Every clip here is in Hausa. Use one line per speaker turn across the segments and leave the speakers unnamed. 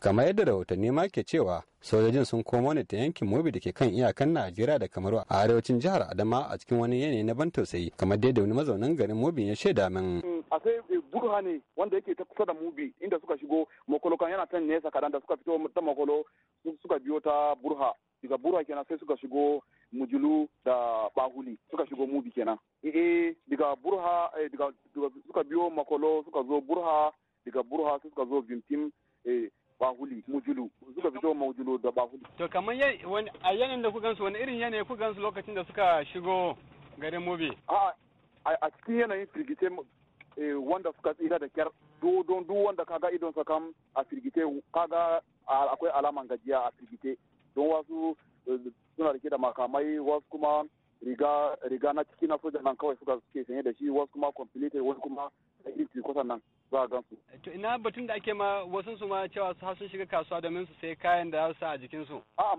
kamar yadda rahotanni ma ke cewa sojojin sun komo ne ta yankin mobi da ke kan iyakan najeriya da kamaru a arewacin jihar adama a cikin wani yanayi na ban tausayi kamar dai da wani mazaunin garin mobi ya shaida min
mm, akwai eh, burha ne wanda yake ta kusa da mubi inda suka shigo makolo kan yana can nesa kadan da suka fito ta makolo suka biyo ta burha daga burha kenan sai suka shigo mujulu da bahuli suka shigo mubi kenan eh daga burha eh, daga suka biyo makolo suka zo burha daga burha suka zo vintim eh, bahuli mujulu suka fito mujulu da bahuli
to kamar a yanayin da ku gansu wani irin yanayi ku gansu lokacin da suka shigo garin mobi a cikin yanayin firgice
eh, wanda suka tsira da kyar dodon duk wanda kaga idon sa kam a firgite kaga akwai alaman gajiya a firgite don wasu eh, suna rike da makamai wasu kuma riga riga na ciki na soja nan kawai suka ke sanye da shi wasu kuma completed wasu kuma irin tirikotan nan za a gan su.
To ina batun da ake ma wasu su ma cewa su sun shiga kasuwa domin su sai kayan da za su a jikin su. A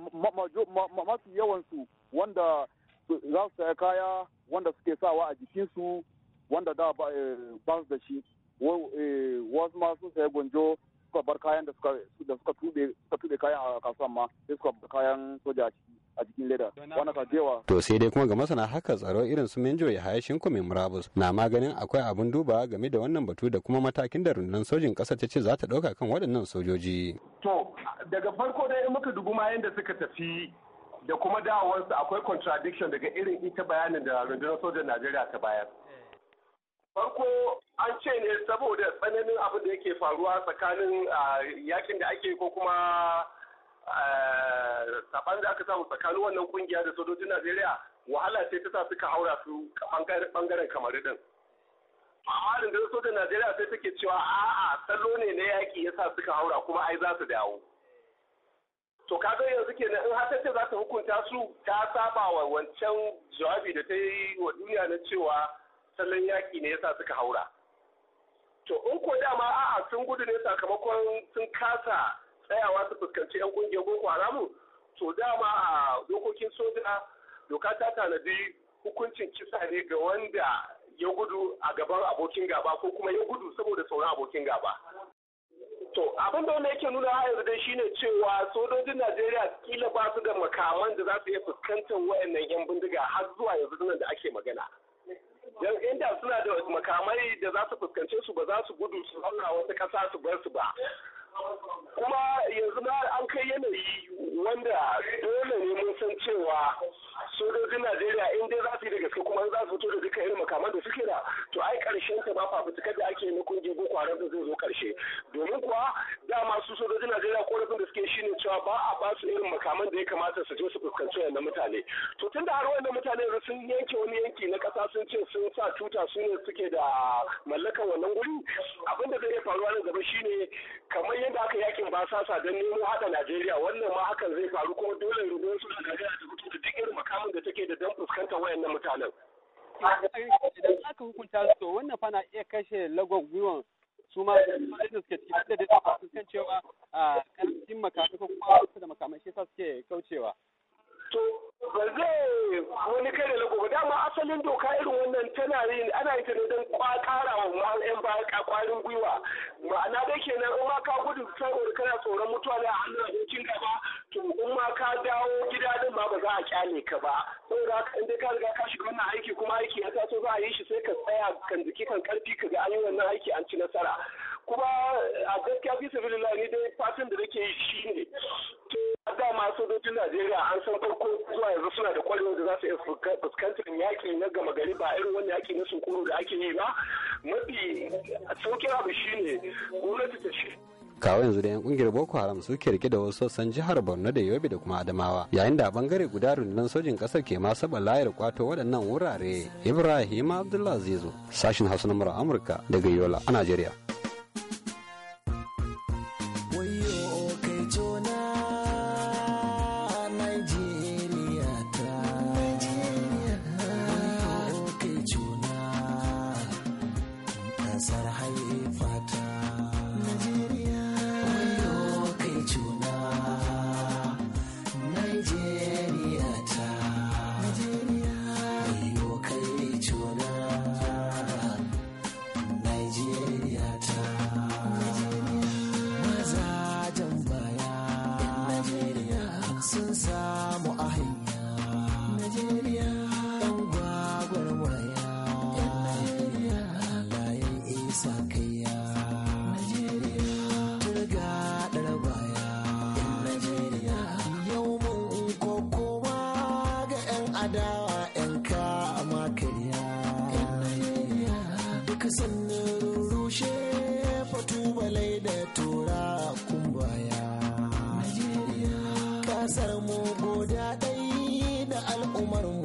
mafi yawan su
wanda za su saya kaya wanda suke sawa a jikin su wanda da eh, ba su da shi eh, wasu ma sun saya gonjo suka bar kayan da suka tube kayan a kasuwa ma sai suka bar kayan soja a ciki. a jikin leda wani ka jewa
to sai dai kuma ga masana haka tsaro irin su Menjo ya haya shinko mai murabus na maganin akwai abin duba game da wannan batu da kuma matakin da rundunar sojin ƙasa ta ce za ta ɗauka kan waɗannan sojoji
to daga farko dai in muka dubu ma yadda suka tafi da kuma dawowarsu akwai contradiction daga irin ita bayanin da rundunar sojan Najeriya ta bayar farko an ce ne saboda tsananin abin da yake faruwa tsakanin ah, yakin da ake ko kuma Eh, saɓan da aka samu tsakanin wannan kungiya da sojojin Najeriya wahala ce ta sa suka haura su ɓangaren kamar din. Amma da sojojin Najeriya sai suke cewa a'a salo ne na yaƙi ya sa suka haura kuma ai za su dawo. To kaga yanzu ke kenan in har ce za ta hukunta su ta saba wa wancan jawabi da ta yi wa duniya na cewa salon yaƙi ne ya sa suka haura. To in ko dama a'a sun gudu ne sakamakon sun kasa tsayawa su fuskanci 'yan kungiyar boko haramu to dama a dokokin soja doka ta tanadi hukuncin kisa ne ga wanda ya gudu a gaban abokin gaba ko kuma ya gudu saboda sauran abokin gaba to abin da wanda yake nuna a yanzu dai shine cewa sojojin najeriya kila ba su da makaman da za su iya fuskantar wayannan yan bindiga har zuwa yanzu nan da ake magana don inda suna da makamai da za su fuskance su ba za su gudu su zauna wata kasa su bar su ba kuma yanzu ma an kai yanayi wanda dole ne mun san cewa sojojin Najeriya in dai za su yi da gaske kuma za su fito da duka irin makaman da suke da to ai karshen ta ba fafutukar da ake yi na kungiyar Boko Haram zai zo karshe domin kuwa dama su sojojin Najeriya shine cewa ba a ba irin makaman da ya kamata su je su fuskanci wannan mutane to da har wannan mutane sun yanke wani yanki na kasa sun ce sun sa tuta su ne suke da mallakar wannan guri abinda zai iya faruwa nan gaba shine kamar yadda aka yakin ba sasa don nemo hada Najeriya wannan ma hakan zai faru kuma dole rundunar su da Najeriya ta fito da duk irin makamin da take da don fuskanta wayannan mutanen
idan aka hukunta su to wannan fa na iya kashe lagon gwiwan su ma da suke cikin da da su kan cewa a karancin makamai ko kuma su da makamai shi sa suke kaucewa. To ba
zai wani kai da lagu ba dama asalin doka irin wannan tana yin ana yi ta ne don kara wa yan baya kwarin gwiwa ma'ana dai kenan in ma ka gudu saboda kana tsoron mutuwa da hannun abokin gaba to in ma ka dawo ba za a kyale ka ba saboda haka in dai ka riga ka shiga wannan aiki kuma aiki ya taso za a yi shi sai ka tsaya kan jiki kan karfi ka ga an yi wannan aiki an ci nasara kuma a gaskiya fi sabilillah ni dai fatan da nake yi shi ne. ma ma sojojin Najeriya an san farko zuwa yanzu suna da kwarewa da za su iya fuskantar yaƙi na gama gari ba irin wani yaƙi na sunkuru da ake yi ba mafi saukin abu shine gwamnati ta shi
kawo yanzu da yan kungiyar boko haram suke rike da wasu sassan jihar borno da yobe da kuma adamawa yayin da a bangare guda rundunar sojin kasar ke ma saba layar kwato waɗannan wurare ibrahim abdullah zizo sashin hausa na amurka daga yola a najeriya
adawa yan kama makariya duka sannan rushe fatubalai da tura kumbaya kasar mu goda ɗai da al'ummar mu